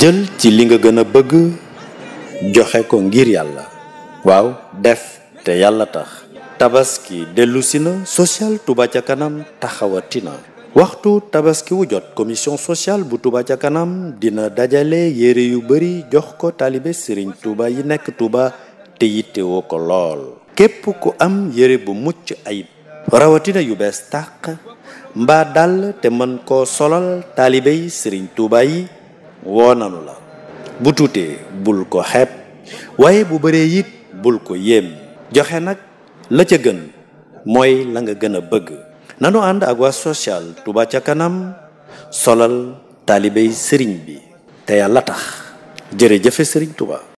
jël ci li nga gën a bëgg joxe ko ngir yàlla waaw def te yàlla tax tabaski dellusi na social Touba ca kanam taxawatina waxtu tabaski jot commission sociale bu Touba ca kanam dina dajale yére yu bari jox ko taalibe Serigne Touba yi nekk Touba te yittewoo ko lool képp ku am yére bu mucc ayib rawatina yu bees tàq mbaa dàll te mën koo solal taalibe yi Serigne yi woo nanu la bu tuutee bul ko xeeb waaye bu bëree it bul ko yéem joxe nag la ca gën mooy la nga gën a bëgg nanu ànd ak waa social Touba ca kanam solal taalibey sëriñ bi te yàlla tax jëre jërëjëfe sëriñ tubaa